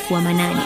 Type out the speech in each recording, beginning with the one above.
mtakatifu wa manane.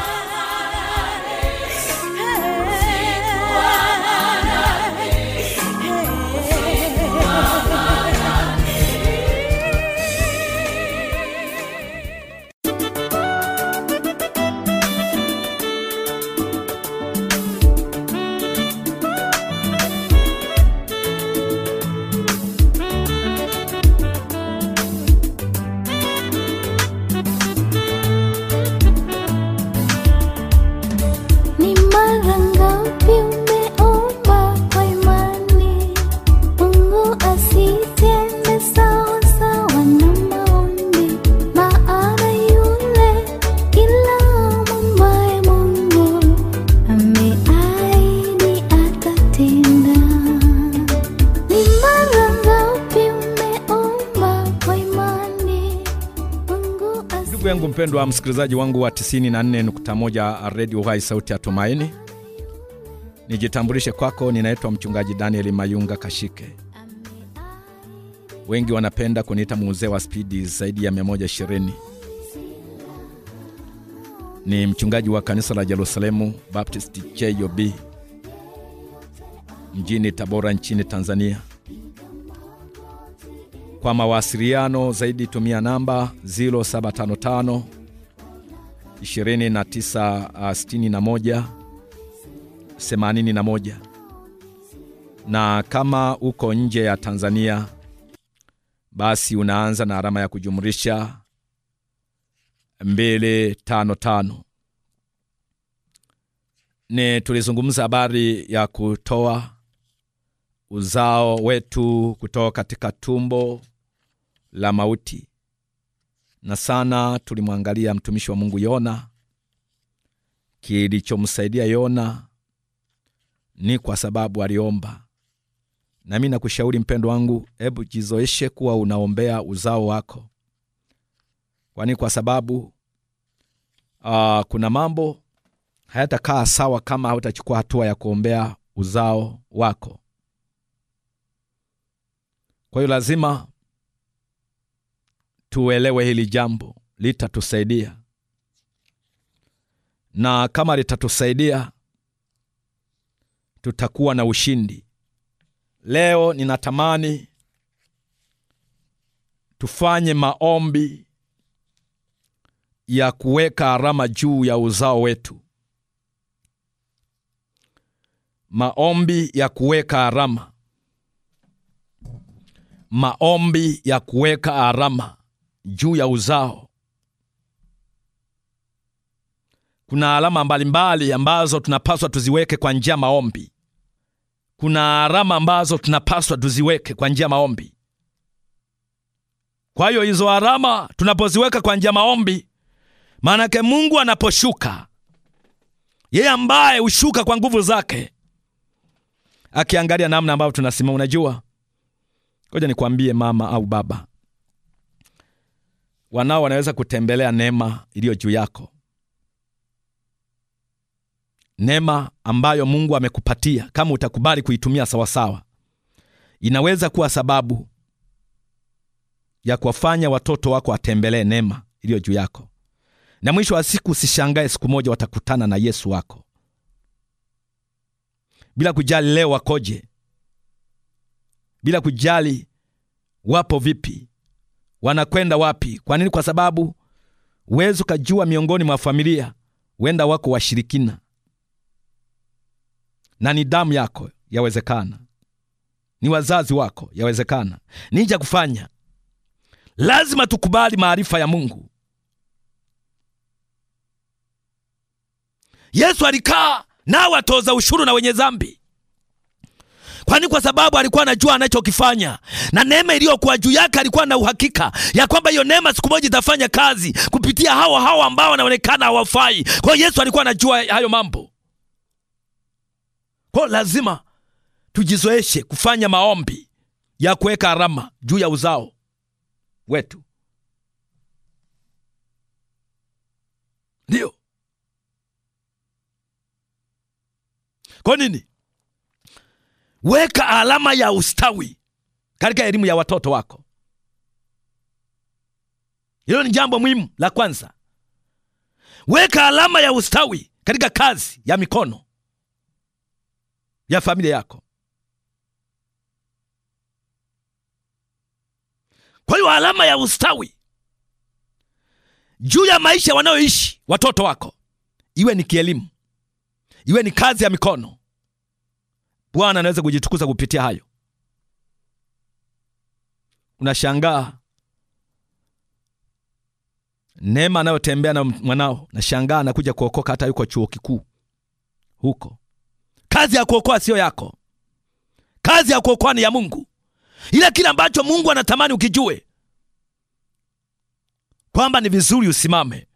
msikilizaji wangu wa 94.1 redio hai sauti ya tumaini nijitambulishe kwako ninaitwa mchungaji danieli mayunga kashike wengi wanapenda kuniita muuzee wa spidi zaidi ya 120 ni mchungaji wa kanisa la jerusalemu baptist chob mjini tabora nchini tanzania kwa mawasiliano zaidi tumia namba 0755 29, ah, Na kama uko nje ya Tanzania basi unaanza na alama ya kujumlisha 255. Ni tulizungumza habari ya kutoa uzao wetu kutoka katika tumbo la mauti na sana tulimwangalia mtumishi wa Mungu Yona. Kilichomsaidia Yona ni kwa sababu aliomba. Nami nakushauri mpendo wangu, hebu jizoeshe kuwa unaombea uzao wako, kwani kwa sababu uh, kuna mambo hayatakaa sawa kama hautachukua hatua ya kuombea uzao wako. Kwa hiyo lazima tuelewe hili jambo, litatusaidia na kama litatusaidia tutakuwa na ushindi. Leo ninatamani tufanye maombi ya kuweka arama juu ya uzao wetu, maombi ya kuweka arama maombi ya kuweka arama juu ya uzao. Kuna alama mbalimbali ambazo tunapaswa tuziweke kwa njia maombi. Kuna alama ambazo tunapaswa tuziweke kwa njia maombi. Kwa hiyo hizo alama tunapoziweka kwa njia maombi, maanake Mungu anaposhuka, yeye ambaye hushuka kwa nguvu zake, akiangalia namna ambavyo tunasimama. Unajua, ngoja nikwambie mama au baba, wanao wanaweza kutembelea neema iliyo juu yako, neema ambayo Mungu amekupatia. Kama utakubali kuitumia sawasawa, inaweza kuwa sababu ya kuwafanya watoto wako watembelee neema iliyo juu yako, na mwisho wa siku usishangae siku moja watakutana na Yesu wako, bila kujali leo wakoje, bila kujali wapo vipi wanakwenda wapi. Kwa nini? Kwa sababu huwezi ukajua miongoni mwa familia, wenda wako washirikina na ni damu yako, yawezekana ni wazazi wako, yawezekana nini kufanya. Lazima tukubali maarifa ya Mungu. Yesu alikaa na watoza ushuru na wenye zambi Kwani kwa sababu alikuwa anajua anachokifanya, na neema iliyokuwa juu yake alikuwa na uhakika ya kwamba hiyo neema siku moja itafanya kazi kupitia hawa hawa ambao wanaonekana hawafai. Kwa hiyo Yesu alikuwa anajua hayo mambo. Kwa lazima tujizoeshe kufanya maombi ya kuweka alama juu ya uzao wetu. Ndiyo. Kwa nini? Weka alama ya ustawi katika elimu ya watoto wako. Hilo ni jambo muhimu la kwanza. Weka alama ya ustawi katika kazi ya mikono ya familia yako. Kwa hiyo alama ya ustawi juu ya maisha wanayoishi watoto wako, iwe ni kielimu, iwe ni kazi ya mikono, Bwana anaweza kujitukuza kupitia hayo. Unashangaa neema anayotembea na mwanao, nashangaa anakuja kuokoka, hata yuko chuo kikuu huko. Kazi ya kuokoa siyo yako, kazi ya kuokoa ni ya Mungu, ila kile ambacho Mungu anatamani ukijue kwamba ni vizuri usimame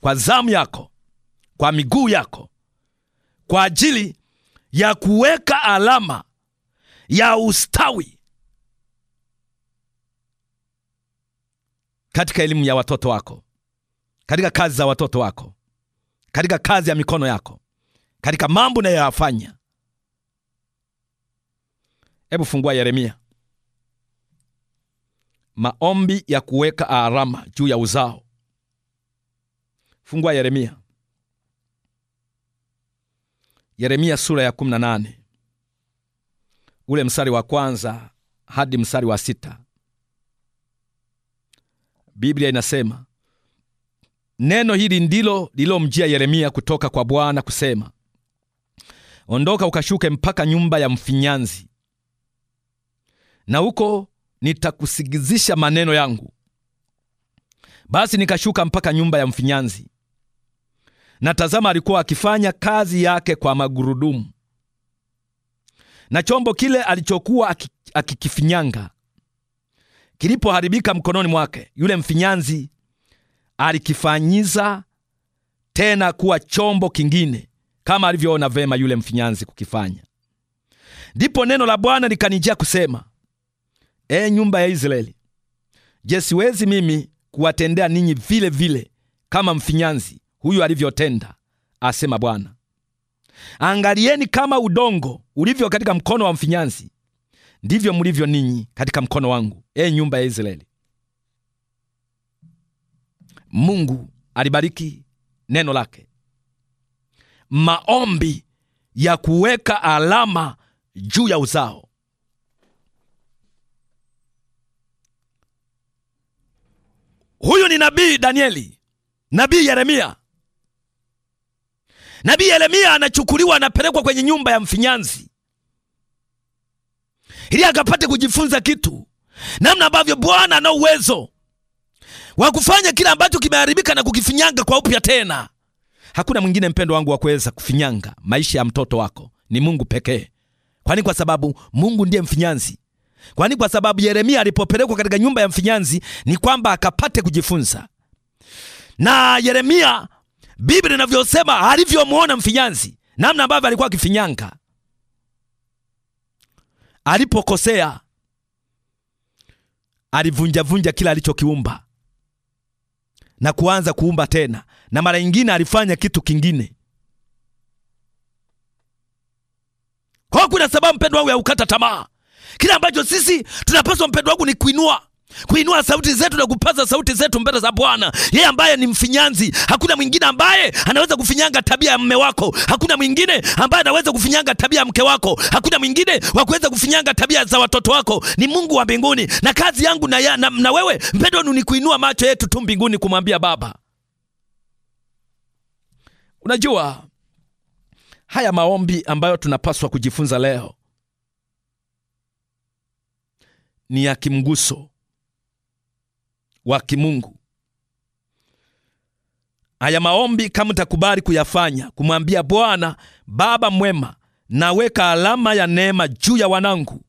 kwa zamu yako, kwa miguu yako, kwa ajili ya kuweka alama ya ustawi katika elimu ya watoto wako, katika kazi za watoto wako, katika kazi ya mikono yako, katika mambo unayoyafanya. Hebu fungua Yeremia, maombi ya kuweka alama juu ya uzao. Fungua Yeremia Yeremia sura ya 18 ule msari wa kwanza hadi msari wa sita Biblia inasema, neno hili ndilo lilomjia Yeremia kutoka kwa Bwana kusema, ondoka ukashuke mpaka nyumba ya mfinyanzi, na huko nitakusigizisha maneno yangu. Basi nikashuka mpaka nyumba ya mfinyanzi na tazama, alikuwa akifanya kazi yake kwa magurudumu, na chombo kile alichokuwa akikifinyanga kilipoharibika mkononi mwake, yule mfinyanzi alikifanyiza tena kuwa chombo kingine, kama alivyoona vema yule mfinyanzi kukifanya. Ndipo neno la Bwana likanijia kusema, E nyumba ya Israeli, je, siwezi mimi kuwatendea ninyi vile vile kama mfinyanzi huyu alivyotenda, asema Bwana. Angalieni kama udongo ulivyo katika mkono wa mfinyanzi, ndivyo mlivyo ninyi katika mkono wangu, e nyumba ya Israeli. Mungu alibariki neno lake. Maombi ya kuweka alama juu ya uzao. Huyu ni nabii Danieli, nabii Yeremia, Nabii Yeremia anachukuliwa anapelekwa kwenye nyumba ya mfinyanzi ili akapate kujifunza kitu, namna ambavyo Bwana ana uwezo wa kufanya kila ambacho kimeharibika na kukifinyanga kwa upya tena. Hakuna mwingine mpendo wangu wa kuweza kufinyanga maisha ya mtoto wako, ni Mungu pekee. Kwani kwa sababu Mungu ndiye mfinyanzi. Kwani kwa sababu Yeremia alipopelekwa katika nyumba ya mfinyanzi ni kwamba akapate kujifunza. Na Yeremia Biblia inavyosema alivyomwona mfinyanzi, namna ambavyo alikuwa akifinyanga, alipokosea alivunjavunja kila alichokiumba na kuanza kuumba tena, na mara nyingine alifanya kitu kingine. Kwa kuna sababu mpendo wangu ya ukata tamaa. Kile ambacho sisi tunapaswa mpendo wangu ni kuinua kuinua sauti zetu na kupaza sauti zetu mbele za Bwana, yeye ambaye ni mfinyanzi. Hakuna mwingine ambaye anaweza kufinyanga tabia ya mume wako, hakuna mwingine ambaye anaweza kufinyanga tabia ya mke wako, hakuna mwingine wa kuweza kufinyanga tabia za watoto wako. Ni Mungu wa mbinguni, na kazi yangu na, ya, na, na wewe mpendonu ni kuinua macho yetu tu mbinguni kumwambia Baba. Unajua haya maombi ambayo tunapaswa kujifunza leo ni ya kimguso wa kimungu. Haya maombi kama takubali kuyafanya, kumwambia Bwana Baba mwema, naweka alama ya neema juu ya wanangu,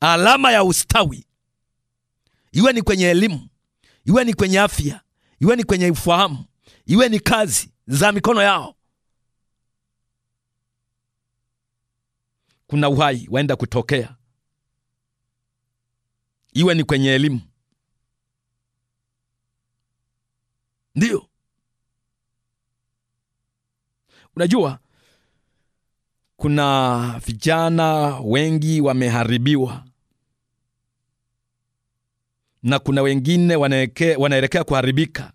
alama ya ustawi, iwe ni kwenye elimu, iwe ni kwenye afya, iwe ni kwenye ufahamu, iwe ni kazi za mikono yao. Kuna uhai waenda kutokea iwe ni kwenye elimu. ndio unajua kuna vijana wengi wameharibiwa na kuna wengine wanaelekea kuharibika,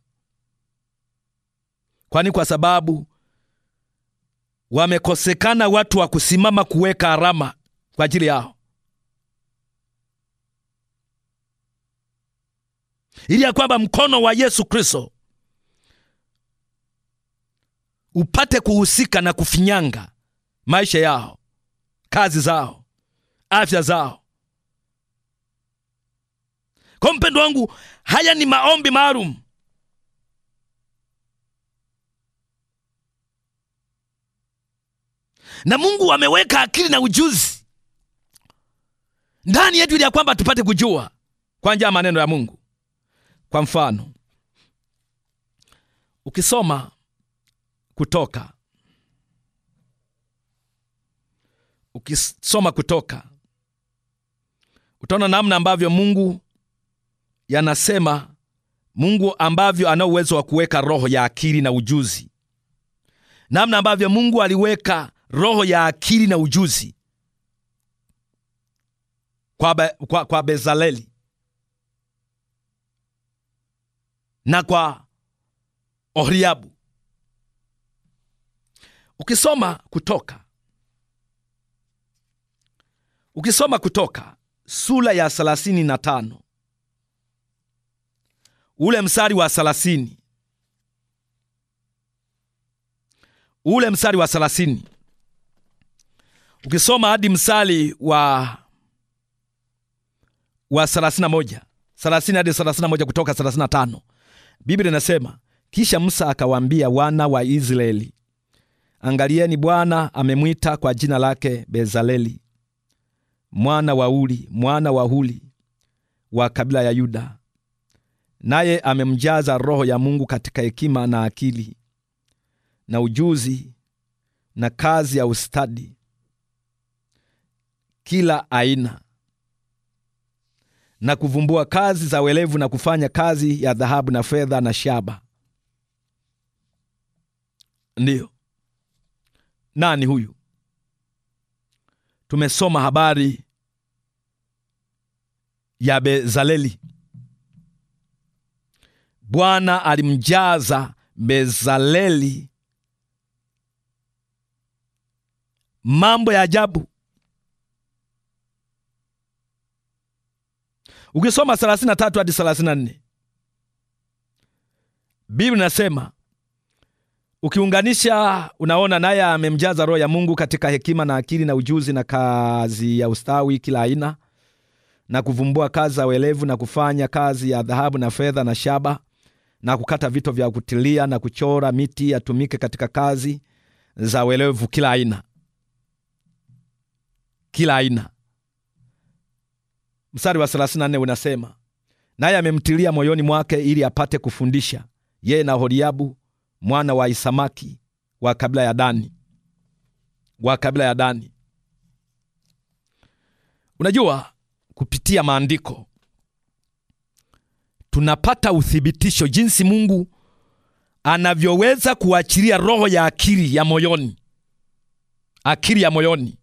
kwani kwa sababu wamekosekana watu wa kusimama kuweka arama kwa ajili yao. ili ya kwamba mkono wa Yesu Kristo upate kuhusika na kufinyanga maisha yao, kazi zao, afya zao. Kwa mpendo wangu, haya ni maombi maalum na Mungu ameweka akili na ujuzi ndani yetu ili ya kwamba tupate kujua kwa njia ya maneno ya Mungu. Kwa mfano, ukisoma Kutoka, ukisoma Kutoka utaona namna ambavyo Mungu yanasema Mungu ambavyo ana uwezo wa kuweka roho ya akili na ujuzi, namna ambavyo Mungu aliweka roho ya akili na ujuzi kwa, be, kwa, kwa Bezaleli na kwa Oriabu. Ukisoma Kutoka, ukisoma Kutoka sura ya thelathini na tano ule msari wa thelathini ule msari wa thelathini ukisoma hadi msari wa wa thelathini moja thelathini hadi thelathini moja kutoka thelathini na tano Biblia inasema kisha Musa akawaambia wana wa Israeli, angalieni, Bwana amemwita kwa jina lake Bezaleli mwana wa uli mwana wa huli wa kabila ya Yuda, naye amemjaza Roho ya Mungu katika hekima na akili na ujuzi na kazi ya ustadi kila aina na kuvumbua kazi za welevu na kufanya kazi ya dhahabu na fedha na shaba. Ndiyo, nani huyu? Tumesoma habari ya Bezaleli. Bwana alimjaza Bezaleli mambo ya ajabu Ukisoma 33 hadi 34 Biblia inasema ukiunganisha, unaona naye amemjaza Roho ya Mungu katika hekima na akili na ujuzi na kazi ya ustawi kila aina na kuvumbua kazi za welevu na kufanya kazi ya dhahabu na fedha na shaba na kukata vito vya kutilia na kuchora miti yatumike katika kazi za welevu kila aina, kila aina. Mstari wa 34 unasema, naye amemtilia moyoni mwake ili apate kufundisha, yeye na Holiabu mwana wa Isamaki wa kabila ya Dani, wa kabila ya Dani. Unajua, kupitia maandiko tunapata uthibitisho jinsi Mungu anavyoweza kuachilia roho ya akili ya moyoni, akili ya moyoni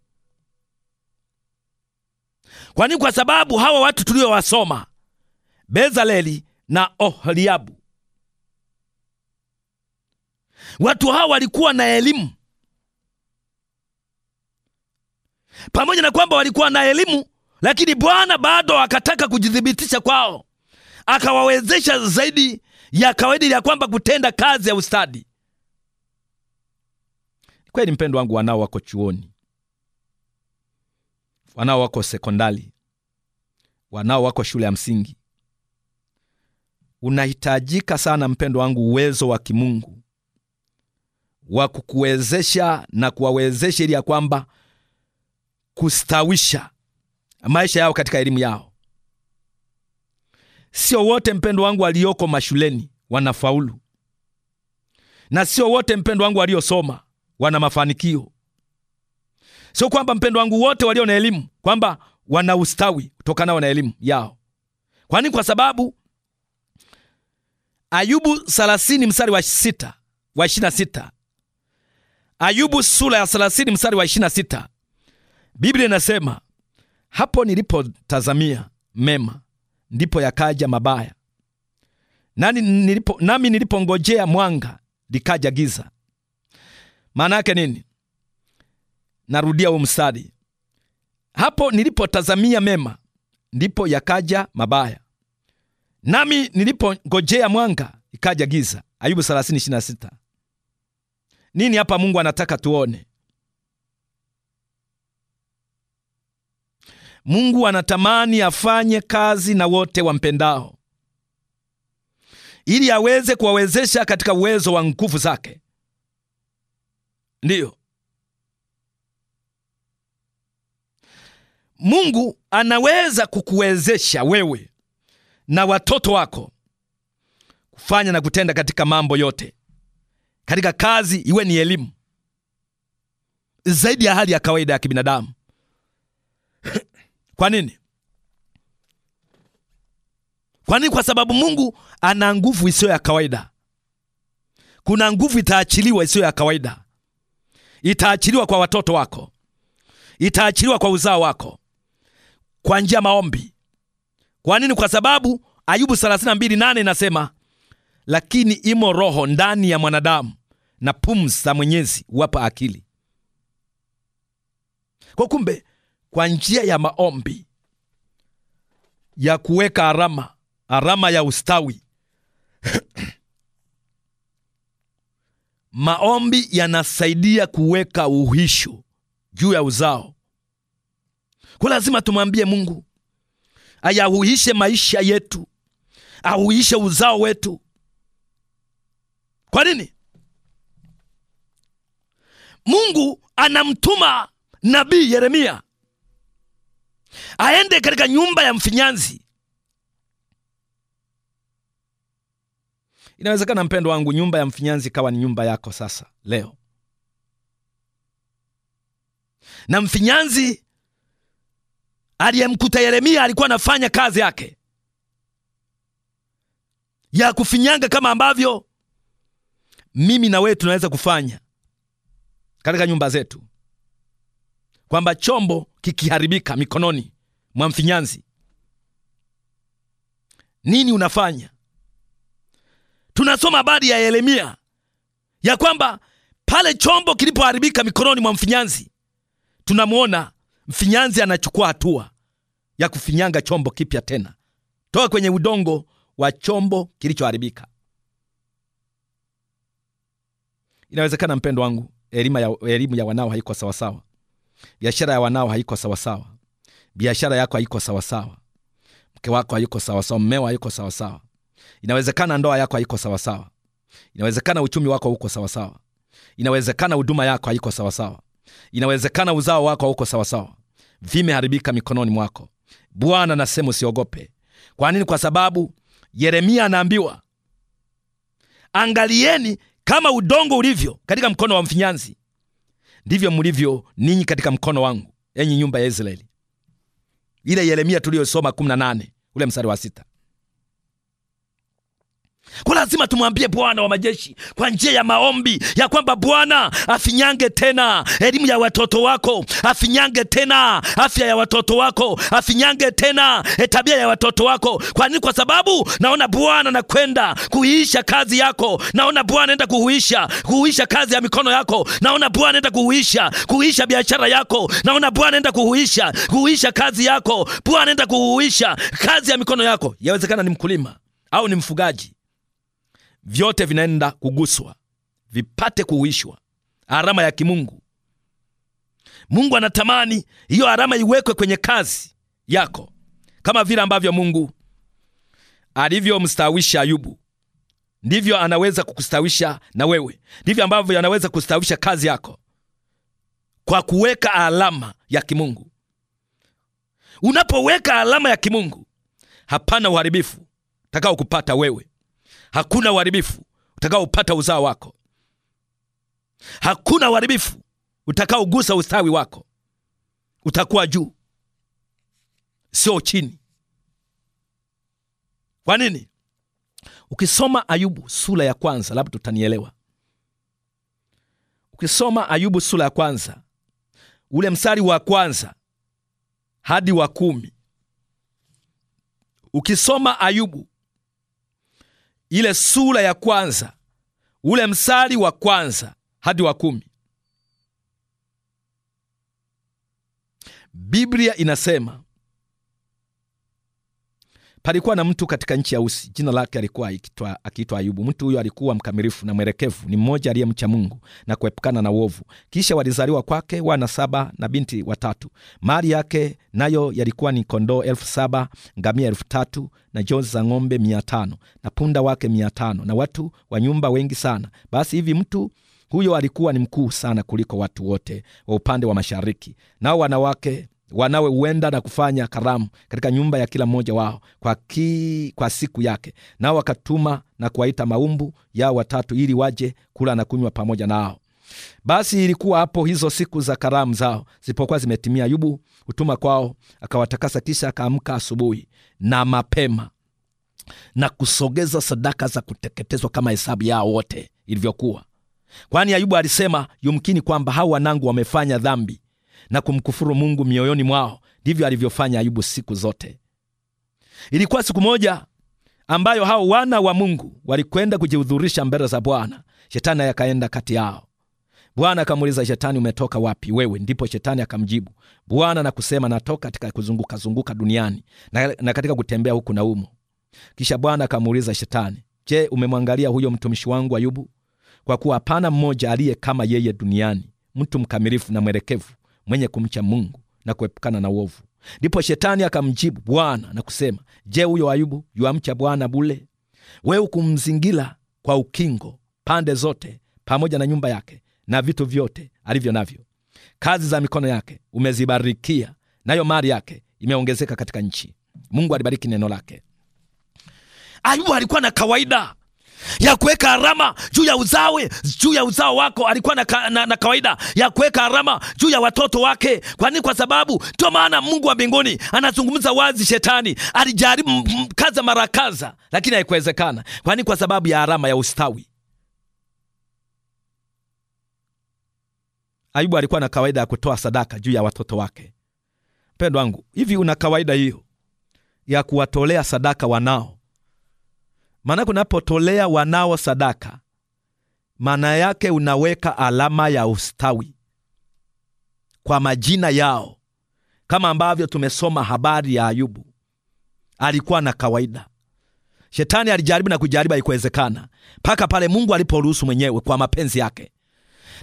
kwa nini? Kwa sababu hawa watu tuliowasoma Bezaleli na Oholiabu, watu hawa walikuwa na elimu. Pamoja na kwamba walikuwa na elimu, lakini Bwana bado akataka kujithibitisha kwao, akawawezesha zaidi ya kawaida ya kwamba kutenda kazi ya ustadi. Kweli mpendo wangu, wanao wako chuoni wanao wako sekondari, wanao wako shule ya msingi. Unahitajika sana mpendo wangu, uwezo wa kimungu wa kukuwezesha na kuwawezesha ili ya kwamba kustawisha maisha yao katika elimu yao. Sio wote mpendo wangu walioko mashuleni wanafaulu, na sio wote mpendo wangu waliosoma wana mafanikio. Sio kwamba mpendo wangu wote walio na elimu kwamba wana ustawi kutokanao na elimu yao, kwani kwa sababu Ayubu 30 mstari wa 6 wa 26 Ayubu sura ya 30 mstari wa 26 Biblia inasema hapo nilipotazamia mema ndipo yakaja mabaya, nani nilipo, nami nilipongojea mwanga likaja giza. Maana yake nini? narudia huo mstari, hapo nilipotazamia mema ndipo yakaja mabaya, nami nilipongojea mwanga ikaja giza. Ayubu 30:26. Nini hapa Mungu anataka tuone? Mungu anatamani afanye kazi na wote wampendao ili aweze kuwawezesha katika uwezo wa nguvu zake. Ndiyo Mungu anaweza kukuwezesha wewe na watoto wako kufanya na kutenda katika mambo yote, katika kazi, iwe ni elimu, zaidi ya hali ya kawaida ya kibinadamu. Kwa nini? Kwa nini? Kwa sababu Mungu ana nguvu isiyo ya kawaida. Kuna nguvu itaachiliwa isiyo ya kawaida, itaachiliwa kwa watoto wako, itaachiliwa kwa uzao wako, kwa njia maombi. Kwa nini? Kwa sababu Ayubu 32:8 inasema, lakini imo roho ndani ya mwanadamu na pumzi za Mwenyezi wapa akili. Kwa kumbe, kwa njia ya maombi ya kuweka alama, alama ya ustawi maombi yanasaidia kuweka uhisho juu ya uzao kwa lazima tumwambie Mungu ayahuishe maisha yetu, ahuishe uzao wetu. Kwa nini? Mungu anamtuma nabii Yeremia aende katika nyumba ya mfinyanzi. Inawezekana mpendo wangu, nyumba ya mfinyanzi ikawa ni nyumba yako sasa leo, na mfinyanzi aliyemkuta Yeremia alikuwa anafanya kazi yake ya kufinyanga kama ambavyo mimi na wewe tunaweza kufanya katika nyumba zetu, kwamba chombo kikiharibika mikononi mwa mfinyanzi, nini unafanya? Tunasoma habari ya Yeremia ya kwamba pale chombo kilipoharibika mikononi mwa mfinyanzi, tunamwona mfinyanzi anachukua hatua ya kufinyanga chombo kipya tena toka kwenye udongo wa chombo kilichoharibika. Inawezekana mpendo wangu, elimu ya, elimu ya wanao haiko sawasawa, biashara ya wanao haiko sawasawa, biashara yako haiko sawasawa, mke wako haiko sawasawa, mmeo haiko sawasawa. Inawezekana ndoa yako haiko sawasawa, inawezekana uchumi wako uko sawasawa, inawezekana huduma yako haiko sawasawa, inawezekana uzao wako hauko sawasawa, vimeharibika mikononi mwako. Bwana nasema usiogope. Kwa nini? Kwa sababu Yeremia anaambiwa angalieni kama udongo ulivyo katika mkono wa mfinyanzi, ndivyo mlivyo ninyi katika mkono wangu, enyi nyumba ya Israeli. Ile Yeremia tuliyosoma 18 ule mstari wa sita. Kwa lazima tumwambie Bwana wa majeshi kwa njia ya maombi ya kwamba Bwana afinyange tena elimu ya watoto wako, afinyange tena afya ya watoto wako, afinyange tena eh, tabia ya watoto wako. Kwa nini? Kwa sababu naona Bwana nakwenda kuiisha kazi yako, naona Bwana anaenda kuhuisha kuhuisha kazi ya mikono yako, naona Bwana anaenda kuhuisha kuhuisha biashara yako, naona Bwana anaenda kuhuisha kuhuisha kazi yako, Bwana anaenda kuhuisha kazi ya mikono yako. Yawezekana ni mkulima au ni mfugaji vyote vinaenda kuguswa vipate kuhuishwa, alama ya kimungu. Mungu anatamani hiyo alama iwekwe kwenye kazi yako, kama vile ambavyo Mungu alivyomstawisha Ayubu, ndivyo anaweza kukustawisha na wewe, ndivyo ambavyo anaweza kustawisha kazi yako kwa kuweka alama ya kimungu. Unapoweka alama ya kimungu, hapana uharibifu takao kupata wewe hakuna uharibifu utakaopata uzao wako, hakuna uharibifu utakaogusa ustawi wako. Utakuwa juu, sio chini. Kwa nini? Ukisoma Ayubu sura ya kwanza, labda tutanielewa. Ukisoma Ayubu sura ya kwanza ule mstari wa kwanza hadi wa kumi ukisoma Ayubu ile sura ya kwanza ule msali wa kwanza hadi wa kumi Biblia inasema Palikuwa na mtu katika nchi ya Usi, jina lake alikuwa akiitwa Ayubu. Mtu huyo alikuwa mkamilifu na mwelekevu, ni mmoja aliye mcha Mungu na kuepukana na uovu. Kisha walizaliwa kwake wana saba na binti watatu. Mali yake nayo yalikuwa ni kondoo elfu saba ngamia elfu tatu na jozi za ng'ombe mia tano na punda wake mia tano na watu wa nyumba wengi sana. Basi hivi mtu huyo alikuwa ni mkuu sana kuliko watu wote wa upande wa mashariki. Nao wanawake wanawe huenda na kufanya karamu katika nyumba ya kila mmoja wao kwa, ki, kwa siku yake. Nao wakatuma na kuwaita maumbu yao watatu ili waje kula na kunywa pamoja nao. Basi ilikuwa hapo hizo siku za karamu zao zilipokuwa zimetimia, Ayubu hutuma kwao akawatakasa, kisha akaamka asubuhi na mapema na kusogeza sadaka za kuteketezwa kama hesabu yao wote ilivyokuwa, kwani Ayubu alisema yumkini kwamba hao wanangu wamefanya dhambi na kumkufuru Mungu mioyoni mwao. Ndivyo alivyofanya Ayubu siku zote. Ilikuwa siku moja ambayo hao wana wa Mungu walikwenda kujihudhurisha mbele za Bwana. Shetani akaenda kati yao. Bwana akamuuliza Shetani, umetoka wapi wewe? Ndipo Shetani akamjibu Bwana na kusema, natoka katika kuzunguka zunguka duniani na, na katika kutembea huku na umo. Kisha Bwana akamuuliza Shetani, je, umemwangalia huyo mtumishi wangu Ayubu? Kwa kuwa hapana mmoja aliye kama yeye duniani, mtu mkamilifu na mwelekevu mwenye kumcha Mungu na kuepukana na uovu. Ndipo shetani akamjibu Bwana na kusema, Je, huyo Ayubu yuamcha Bwana bule? We ukumzingira kwa ukingo pande zote, pamoja na nyumba yake na vitu vyote alivyo navyo. Kazi za mikono yake umezibarikia, nayo mali yake imeongezeka katika nchi. Mungu alibariki neno lake. Ayubu alikuwa na kawaida ya kuweka alama juu ya uzawe juu ya uzao wako. Alikuwa na, na, na kawaida ya kuweka alama juu ya watoto wake. Kwa nini? Kwa sababu ndio maana Mungu wa mbinguni anazungumza wazi. Shetani alijaribu kaza mara kaza, lakini haikuwezekana. Kwa nini? Kwa sababu ya alama ya ustawi. Ayubu alikuwa na kawaida ya kutoa sadaka juu ya watoto wake. Mpendo wangu, hivi una kawaida hiyo ya kuwatolea sadaka wanao Maanake unapotolea wanao sadaka, maana yake unaweka alama ya ustawi kwa majina yao, kama ambavyo tumesoma habari ya Ayubu. Alikuwa na kawaida. Shetani alijaribu na kujaribu, haikuwezekana mpaka pale Mungu aliporuhusu mwenyewe kwa mapenzi yake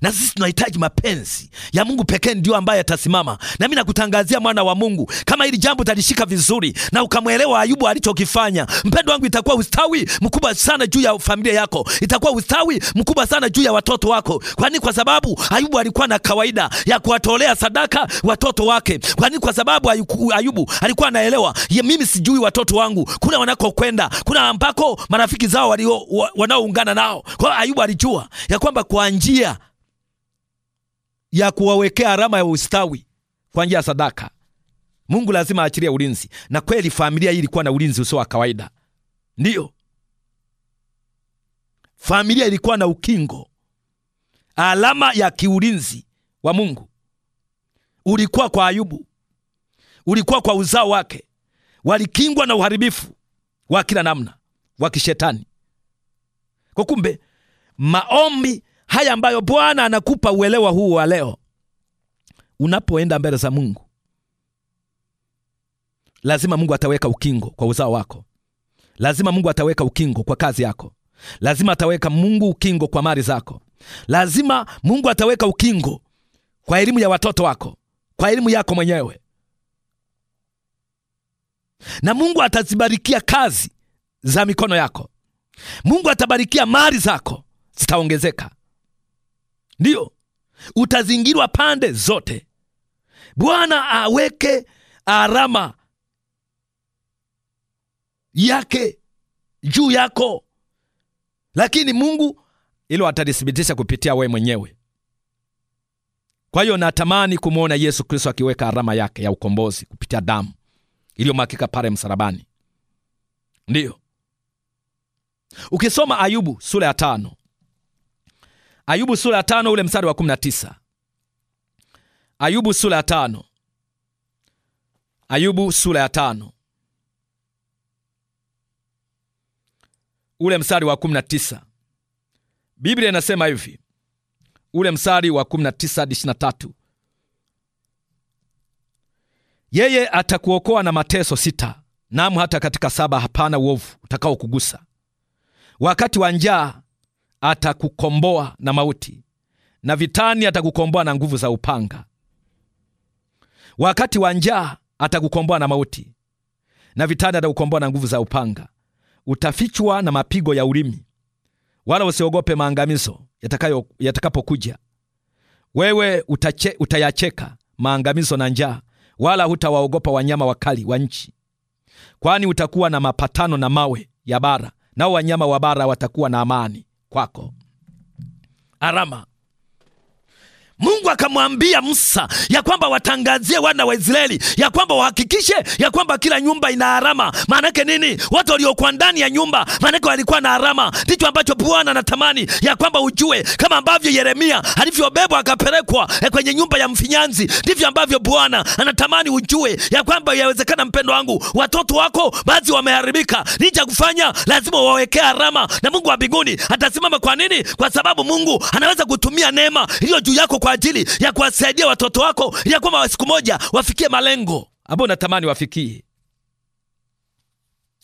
na sisi tunahitaji mapenzi ya Mungu pekee ndio ambaye atasimama. Nami nakutangazia mwana wa Mungu, kama hili jambo utalishika vizuri na ukamwelewa Ayubu alichokifanya, mpendo wangu, itakuwa ustawi mkubwa sana juu ya familia yako, itakuwa ustawi mkubwa sana juu ya watoto wako. Kwani kwa sababu Ayubu alikuwa na kawaida ya kuwatolea sadaka watoto wake. Kwani kwa sababu Ayubu alikuwa anaelewa, mimi sijui watoto wangu kuna wanakokwenda, kuna ambako marafiki zao walio wanaoungana nao. Kwa hiyo Ayubu alijua ya kwamba kwa njia ya kuwawekea alama ya ustawi kwa njia ya sadaka. Mungu lazima aachilie ulinzi, na kweli familia hii ilikuwa na ulinzi usio wa kawaida. Ndiyo, familia ilikuwa na ukingo, alama ya kiulinzi wa Mungu ulikuwa kwa Ayubu, ulikuwa kwa uzao wake. Walikingwa na uharibifu wa kila namna wa kishetani. Kwa kumbe, maombi haya ambayo Bwana anakupa uelewa huu wa leo, unapoenda mbele za Mungu lazima Mungu ataweka ukingo kwa uzao wako. Lazima Mungu ataweka ukingo kwa kazi yako. Lazima ataweka Mungu ukingo kwa mali zako. Lazima Mungu ataweka ukingo kwa elimu ya watoto wako, kwa elimu yako mwenyewe, na Mungu atazibarikia kazi za mikono yako. Mungu atabarikia mali zako, zitaongezeka. Ndiyo, utazingirwa pande zote. Bwana aweke alama yake juu yako, lakini Mungu ilo atalithibitisha kupitia we mwenyewe. Kwa hiyo natamani kumwona Yesu Kristo akiweka alama yake ya ukombozi kupitia damu iliyomwagika pale msalabani. Ndiyo, ukisoma Ayubu sura ya tano Ayubu sura ya tano ule mstari wa 19. Ayubu sura ya tano. Ayubu sura ya tano ule mstari wa 19. Biblia inasema hivi ule mstari wa 19 hadi 23, yeye atakuokoa na mateso sita, naam hata katika saba hapana uovu utakaokugusa. Wakati wa njaa atakukomboa na mauti, na vitani atakukomboa na nguvu za upanga. Wakati wa njaa atakukomboa na mauti, na vitani atakukomboa na nguvu za upanga. Utafichwa na mapigo ya ulimi, wala usiogope maangamizo yatakapokuja. Wewe utache, utayacheka maangamizo na njaa, wala hutawaogopa wanyama wakali wa nchi, kwani utakuwa na mapatano na mawe ya bara, nao wanyama wa bara watakuwa na amani kwako. Arama Mungu akamwambia Musa ya kwamba watangazie wana wa Israeli ya kwamba wahakikishe ya kwamba kila nyumba ina alama. Maanake nini? Watu waliokuwa ndani ya nyumba maanake walikuwa na alama. Ndicho ambacho Bwana anatamani ya kwamba ujue, kama ambavyo Yeremia alivyobebwa akapelekwa eh, kwenye nyumba ya mfinyanzi, ndivyo ambavyo Bwana anatamani ujue ya kwamba yawezekana, mpendo wangu, watoto wako baadhi wameharibika. Nini cha kufanya? Lazima wawekee alama, na Mungu wa mbinguni atasimama. Kwa nini? Kwa sababu Mungu anaweza kutumia neema iliyo juu yako kwa kwa ajili ya kuwasaidia watoto wako ya kwamba siku moja wafikie malengo ambayo natamani wafikie.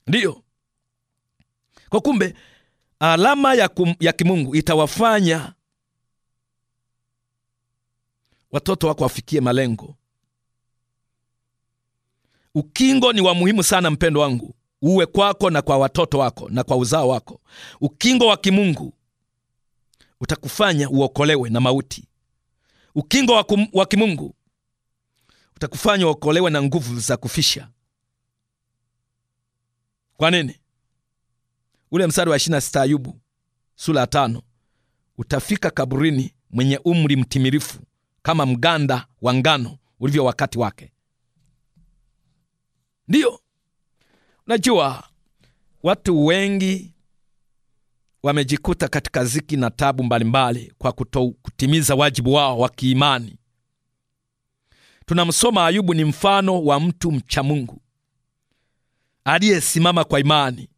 Ndiyo kwa kumbe, alama ya, kum, ya kimungu itawafanya watoto wako wafikie malengo. Ukingo ni wa muhimu sana, mpendo wangu, uwe kwako na kwa watoto wako na kwa uzao wako. Ukingo wa kimungu utakufanya uokolewe na mauti ukingo wa kimungu utakufanya uokolewe na nguvu za kufisha. Kwa nini? Ule mstari wa ishirini sita Ayubu sura ya tano, utafika kaburini mwenye umri mtimirifu kama mganda wa ngano ulivyo wakati wake. Ndiyo, unajua watu wengi wamejikuta katika ziki na tabu mbalimbali kwa kutimiza wajibu wao wa kiimani. Tunamsoma Ayubu ni mfano wa mtu mcha Mungu aliyesimama kwa imani,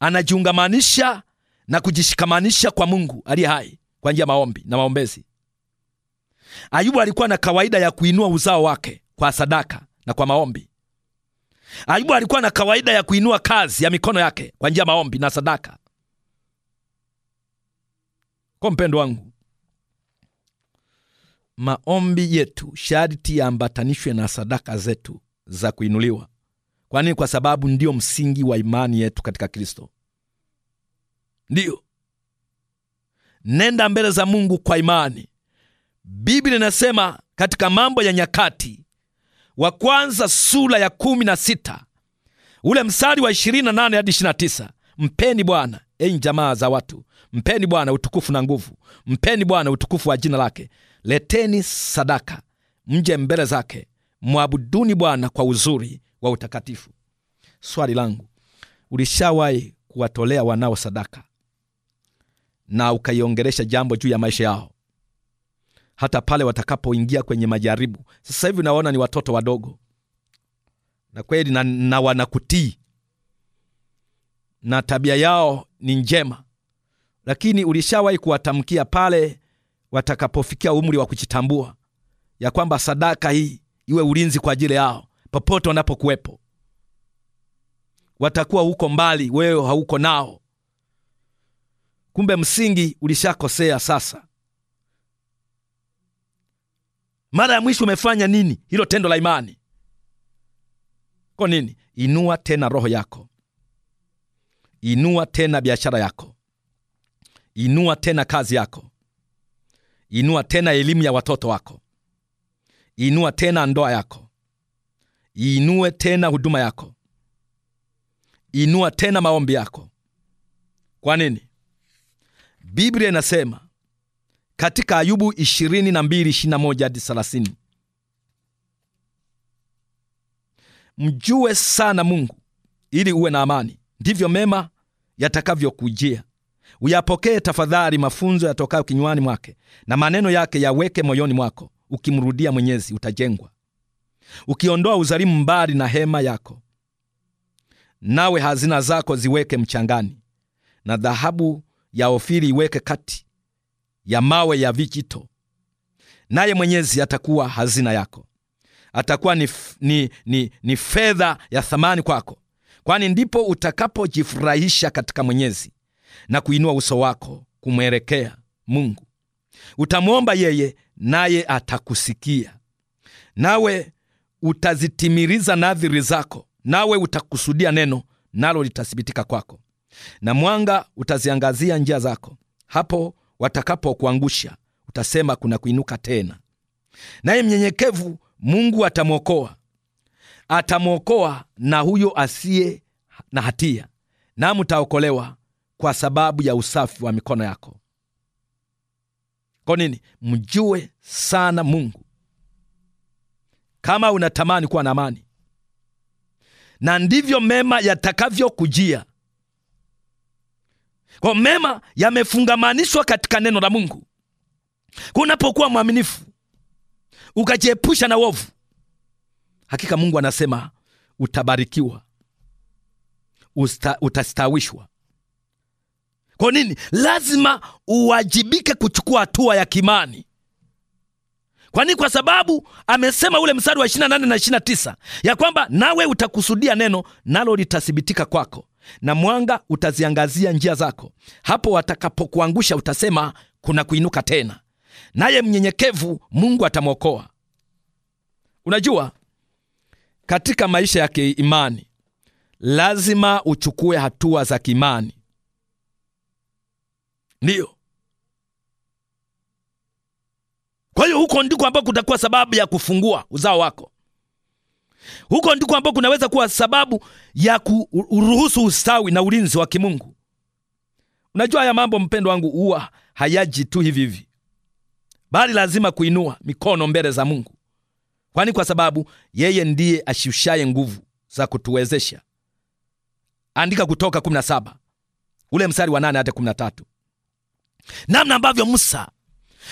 anajiungamanisha na kujishikamanisha kwa Mungu aliye hai kwa njia ya maombi na maombezi. Ayubu alikuwa na kawaida ya kuinua uzao wake kwa sadaka na kwa maombi. Ayubu alikuwa na kawaida ya kuinua kazi ya mikono yake kwa njia ya maombi na sadaka. Kwa mpendo wangu, maombi yetu sharti yaambatanishwe na sadaka zetu za kuinuliwa. Kwa nini? Kwa sababu ndio msingi wa imani yetu katika Kristo. Ndiyo, nenda mbele za Mungu kwa imani. Biblia inasema katika Mambo ya Nyakati wa kwanza sura ya kumi na sita ule msari wa 28 hadi tisa mpeni Bwana enyi jamaa za watu, mpeni Bwana utukufu na nguvu, mpeni Bwana utukufu wa jina lake. Leteni sadaka, mje mbele zake, mwabuduni Bwana kwa uzuri wa utakatifu. Swali langu, ulishawahi kuwatolea wanao sadaka na ukaiongeresha jambo juu ya maisha yao, hata pale watakapoingia kwenye majaribu? Sasa hivi nawaona ni watoto wadogo, na kweli na, na wanakutii na tabia yao ni njema, lakini ulishawahi kuwatamkia pale watakapofikia umri wa kujitambua ya kwamba sadaka hii iwe ulinzi kwa ajili yao popote wanapokuwepo. Watakuwa huko mbali, wewe hauko nao. Kumbe msingi ulishakosea. Sasa mara ya mwisho umefanya nini hilo tendo la imani? ko nini? Inua tena roho yako, Inua tena biashara yako, inua tena kazi yako, inua tena elimu ya watoto wako, inua tena ndoa yako, inue tena huduma yako, inua tena maombi yako. Kwa nini? Biblia inasema katika Ayubu 22, hadi 30, mjue sana Mungu ili uwe na amani ndivyo mema yatakavyokujia. Uyapokee tafadhali mafunzo yatokayo kinywani mwake, na maneno yake yaweke moyoni mwako. Ukimrudia Mwenyezi utajengwa, ukiondoa uzalimu mbali na hema yako. Nawe hazina zako ziweke mchangani, na dhahabu ya Ofiri iweke kati ya mawe ya vijito, naye Mwenyezi atakuwa hazina yako, atakuwa ni, ni, ni, ni fedha ya thamani kwako kwani ndipo utakapojifurahisha katika Mwenyezi na kuinua uso wako kumwelekea Mungu. Utamwomba yeye, naye atakusikia, nawe utazitimiriza nadhiri zako, nawe utakusudia neno, nalo litathibitika kwako, na mwanga utaziangazia njia zako. Hapo watakapokuangusha utasema kuna kuinuka tena, naye mnyenyekevu Mungu atamwokoa atamwokoa na huyo asiye na hatia, na mtaokolewa kwa sababu ya usafi wa mikono yako. Kwa nini? Mjue sana Mungu. Kama unatamani kuwa na amani, na ndivyo mema yatakavyokujia. Kwa mema yamefungamanishwa katika neno la Mungu. Kunapokuwa mwaminifu ukajiepusha na wovu Hakika Mungu anasema utabarikiwa, usta, utastawishwa. Kwa nini? Lazima uwajibike kuchukua hatua ya kimani. Kwa nini? Kwa sababu amesema ule mstari wa 28 na 29 ya kwamba nawe utakusudia neno nalo litathibitika kwako, na mwanga utaziangazia njia zako. Hapo watakapokuangusha utasema kuna kuinuka tena, naye mnyenyekevu Mungu atamwokoa. Unajua, katika maisha ya kiimani lazima uchukue hatua za kiimani. Ndiyo, kwa hiyo huko ndiko ambao kutakuwa sababu ya kufungua uzao wako. Huko ndiko ambako kunaweza kuwa sababu ya kuruhusu ustawi na ulinzi wa kimungu. Unajua haya mambo, mpendo wangu, huwa hayaji tu hivi hivi, bali lazima kuinua mikono mbele za Mungu kwani kwa sababu yeye ndiye ashushaye nguvu za kutuwezesha. Andika Kutoka 17 ule mstari wa 8 hata 13, namna ambavyo Musa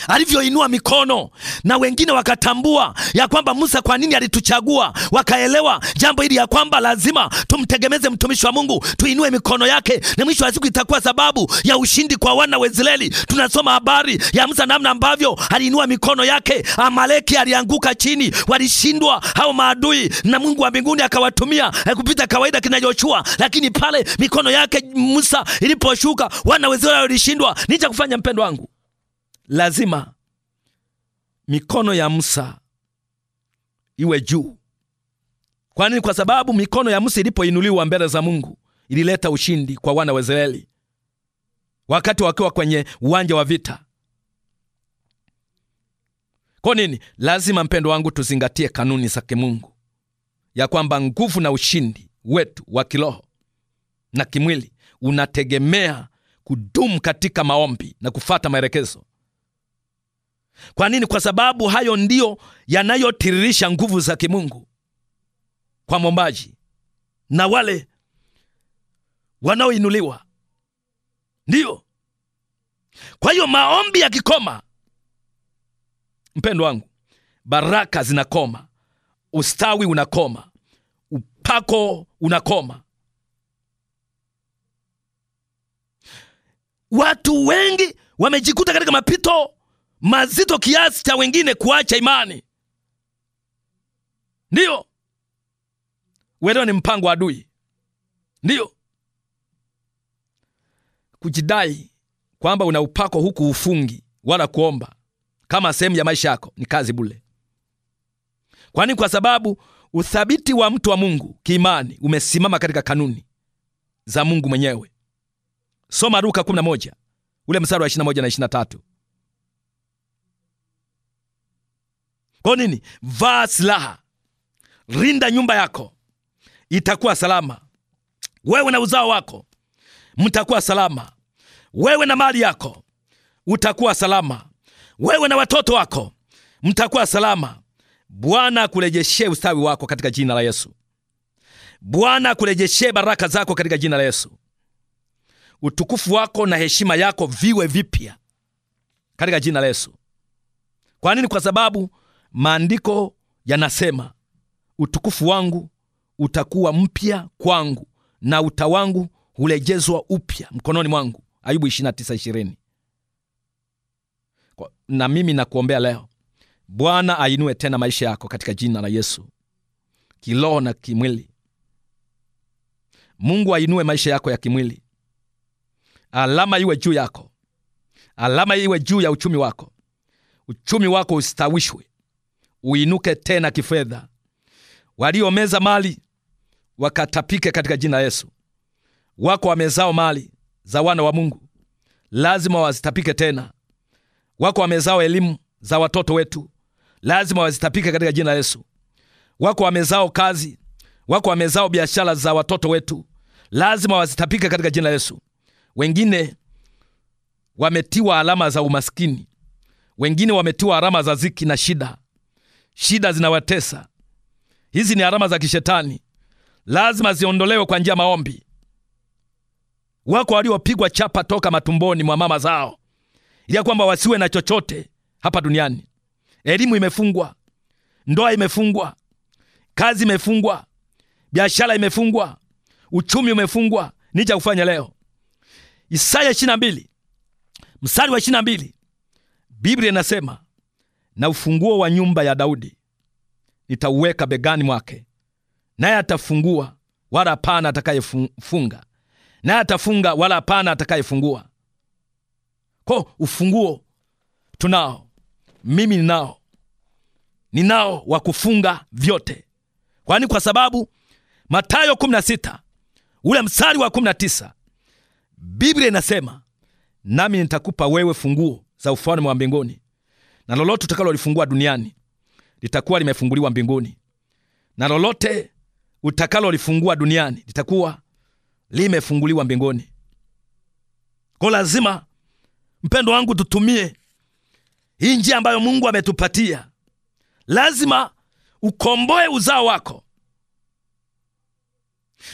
alivyoinua mikono na wengine wakatambua ya kwamba Musa, kwa nini alituchagua? Wakaelewa jambo hili ya kwamba lazima tumtegemeze mtumishi wa Mungu, tuinue mikono yake, na mwisho wa siku itakuwa sababu ya ushindi kwa wana wa Israeli. Tunasoma habari ya Musa, namna ambavyo aliinua mikono yake, Amaleki alianguka chini, walishindwa hao maadui, na Mungu wa mbinguni akawatumia eh, kupita kawaida kina lakini pale mikono yake Musa iliposhuka, wana wa Israeli walishindwa. Nicha kufanya mpendo wangu lazima mikono ya Musa iwe juu. Kwani kwa sababu mikono ya Musa ilipoinuliwa mbele za Mungu ilileta ushindi kwa wana wa Israeli wakati wakiwa kwenye uwanja wa vita. Kwa nini? Lazima mpendo wangu tuzingatie kanuni za kimungu ya kwamba nguvu na ushindi wetu wa kiroho na kimwili unategemea kudumu katika maombi na kufata maelekezo kwa nini? Kwa sababu hayo ndiyo yanayotiririsha nguvu za kimungu kwa mwombaji na wale wanaoinuliwa. Ndiyo, kwa hiyo maombi yakikoma, mpendo wangu, baraka zinakoma, ustawi unakoma, upako unakoma. Watu wengi wamejikuta katika mapito mazito kiasi cha wengine kuacha imani. Ndiyo, uelewa ni mpango wa adui. Ndiyo, kujidai kwamba una upako huku ufungi wala kuomba kama sehemu ya maisha yako ni kazi bule, kwani kwa sababu uthabiti wa mtu wa Mungu kiimani umesimama katika kanuni za Mungu mwenyewe. Soma Luka 11 ule mstari wa 21 na 23. Kwa nini? Vaa silaha, rinda nyumba yako, itakuwa salama. Wewe na uzao wako mtakuwa salama. Wewe na mali yako utakuwa salama. Wewe na watoto wako mtakuwa salama. Bwana akurejeshe ustawi wako katika jina la Yesu. Bwana akurejeshe baraka zako katika jina la Yesu. Utukufu wako na heshima yako viwe vipya katika jina la Yesu. Kwa nini? Kwa sababu Maandiko yanasema, utukufu wangu utakuwa mpya kwangu na uta wangu hulejezwa upya mkononi mwangu. Ayubu 29:20. Na mimi nakuombea leo, Bwana ainue tena maisha yako katika jina la Yesu, kiroho na kimwili. Mungu ainue maisha yako ya kimwili, alama iwe juu yako, alama iwe juu ya uchumi wako, uchumi wako ustawishwe uinuke tena kifedha. Waliomeza mali wakatapike katika jina la Yesu. Wako wamezao mali za wana wa Mungu, lazima wazitapike tena. Wako wamezao elimu za watoto wetu, lazima wazitapike katika jina la Yesu. Wako wamezao kazi, wako wamezao biashara za watoto wetu, lazima wazitapike katika jina la Yesu. Wengine wametiwa alama za umaskini, wengine wametiwa alama za ziki na shida, Shida zinawatesa. Hizi ni alama za kishetani, lazima ziondolewe kwa njia maombi. Wako waliopigwa chapa toka matumboni mwa mama zao ili kwamba wasiwe na chochote hapa duniani. Elimu imefungwa, ndoa imefungwa, kazi imefungwa, biashara imefungwa, uchumi umefungwa. Nini cha kufanya leo? Isaya 22 mstari wa 22, Biblia inasema na ufunguo wa nyumba ya Daudi nitauweka begani mwake, naye atafungua wala hapana atakayefunga, naye atafunga wala hapana atakayefungua. Ko, ufunguo tunao, mimi ninao, ninao wa kufunga vyote, kwani kwa sababu Mathayo 16 ule mstari wa 19 Biblia inasema, nami nitakupa wewe funguo za ufalme wa mbinguni na lolote utakalolifungua duniani litakuwa limefunguliwa mbinguni, na lolote utakalolifungua duniani litakuwa limefunguliwa mbinguni. Kwa lazima, mpendo wangu, tutumie hii njia ambayo Mungu ametupatia. Lazima ukomboe uzao wako.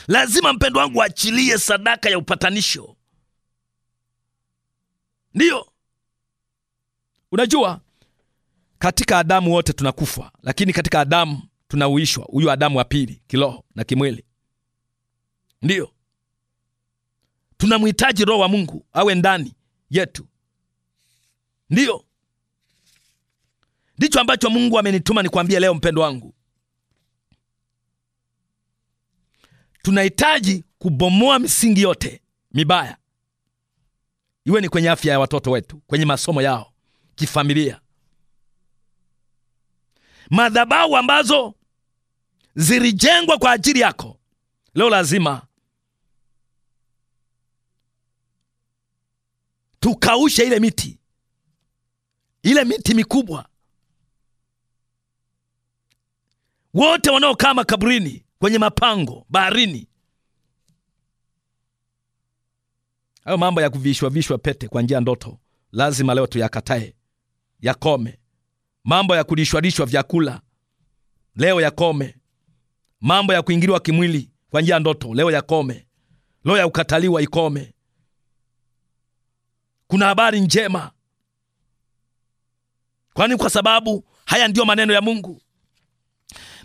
Lazima mpendo wangu achilie sadaka ya upatanisho. Ndiyo, unajua katika Adamu wote tunakufa, lakini katika Adamu tunauishwa, huyu Adamu wa pili kiroho na kimwili. Ndiyo tunamhitaji Roho wa Mungu awe ndani yetu. Ndiyo ndicho ambacho Mungu amenituma nikwambie leo, mpendo wangu, tunahitaji kubomoa misingi yote mibaya, iwe ni kwenye afya ya watoto wetu, kwenye masomo yao, kifamilia madhabahu ambazo zilijengwa kwa ajili yako leo lazima tukaushe ile miti, ile miti mikubwa. Wote wanaokaa makaburini, kwenye mapango, baharini, hayo mambo ya kuvishwa vishwa pete kwa njia ndoto, lazima leo tuyakatae, yakome mambo ya kulishwadishwa vyakula leo yakome, mambo ya kuingiliwa kimwili kwa njia ya ndoto leo yakome, leo ya kukataliwa ikome. Kuna habari njema, kwani kwa sababu haya ndiyo maneno ya Mungu.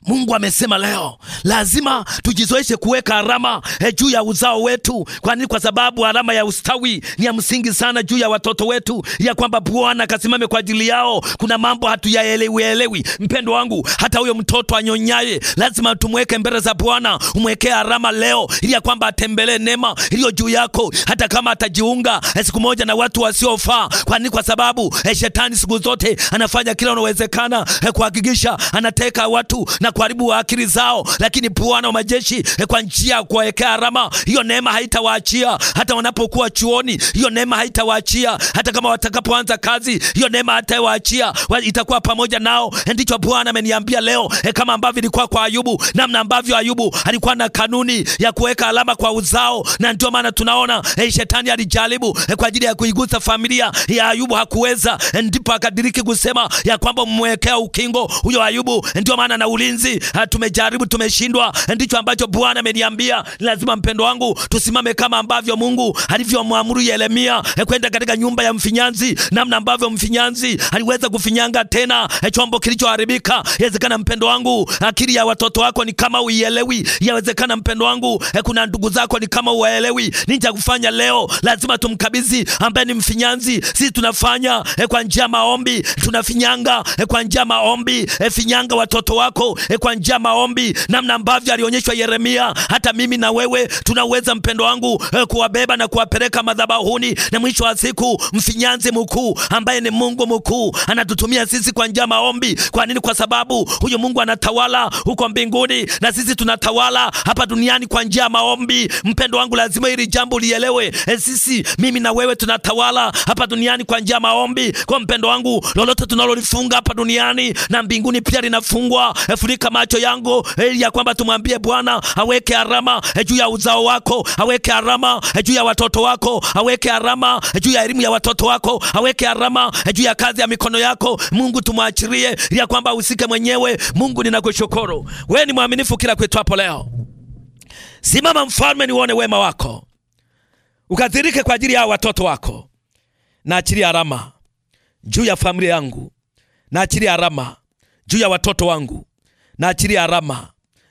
Mungu amesema leo lazima tujizoeshe kuweka alama e, juu ya uzao wetu. Kwa nini? Kwa sababu alama ya ustawi ni ya msingi sana juu ya watoto wetu, ya kwamba Bwana kasimame kwa ajili yao. Kuna mambo hatuyaelewielewi, mpendo wangu, hata huyo mtoto anyonyaye lazima tumweke mbele za Bwana, umwekee alama leo, ili ya kwamba atembelee neema iliyo juu yako, hata kama atajiunga eh, siku moja na watu wasiofaa. Kwa nini? Kwa sababu e, shetani siku zote anafanya kila unawezekana e, eh, kuhakikisha anateka watu na na kuharibu akili zao, lakini Bwana wa majeshi e, kwa njia ya kuwawekea alama hiyo neema haitawaachia hata wanapokuwa chuoni, hiyo neema haitawaachia hata kama watakapoanza kazi, hiyo neema haitawaachia, itakuwa pamoja nao. Eh, ndicho Bwana ameniambia leo, e, kama ambavyo ilikuwa kwa Ayubu, namna ambavyo Ayubu alikuwa na kanuni ya kuweka alama kwa uzao, na ndio maana tunaona e, shetani alijaribu e, kwa ajili ya kuigusa familia ya Ayubu hakuweza, ndipo akadiriki kusema ya kwamba mmwekea ukingo huyo Ayubu, ndio maana na ulinzi hizi tumejaribu, tumeshindwa. Ndicho ambacho Bwana ameniambia lazima, mpendo wangu, tusimame kama ambavyo Mungu alivyomwamuru Yeremia eh, kwenda katika nyumba ya mfinyanzi, namna ambavyo mfinyanzi aliweza kufinyanga tena eh, chombo kilichoharibika. Yawezekana mpendo wangu, akili ya watoto wako ni kama uielewi. Yawezekana mpendo wangu, eh, kuna ndugu zako ni kama uwaelewi. Nini cha kufanya leo? Lazima tumkabidhi ambaye ni mfinyanzi. Sisi tunafanya kwa njia maombi, tunafinyanga kwa njia maombi, finyanga watoto wako Eh, kwa njia maombi, namna ambavyo alionyeshwa Yeremia. Hata mimi na wewe tunaweza mpendo wangu eh, kuwabeba na kuwapeleka madhabahuni, na mwisho wa siku mfinyanzi mkuu ambaye ni Mungu mkuu anatutumia sisi kwa njia maombi. Kwa nini? Kwa sababu huyu Mungu anatawala huko mbinguni na sisi tunatawala hapa duniani kwa njia maombi. Mpendo wangu, lazima hili jambo lielewe. E, sisi mimi na wewe tunatawala hapa duniani kwa njia maombi. Kwa mpendo wangu, lolote tunalolifunga hapa duniani na mbinguni pia linafungwa. E, katika macho yangu ili ya kwamba tumwambie Bwana aweke alama eh, juu ya uzao wako, aweke alama eh, juu ya watoto wako, aweke alama eh, juu ya elimu ya watoto wako, aweke alama juu ya kazi ya mikono yako. Mungu tumwachirie ili ya kwamba usike mwenyewe. Mungu ninakushukuru, wewe ni mwaminifu kila kwetu hapo leo. Simama mfalme, niuone wema wako ukadhirike kwa ajili ya watoto wako. Naachilia alama juu ya familia yangu, naachilia alama juu ya watoto wangu, na achilia arama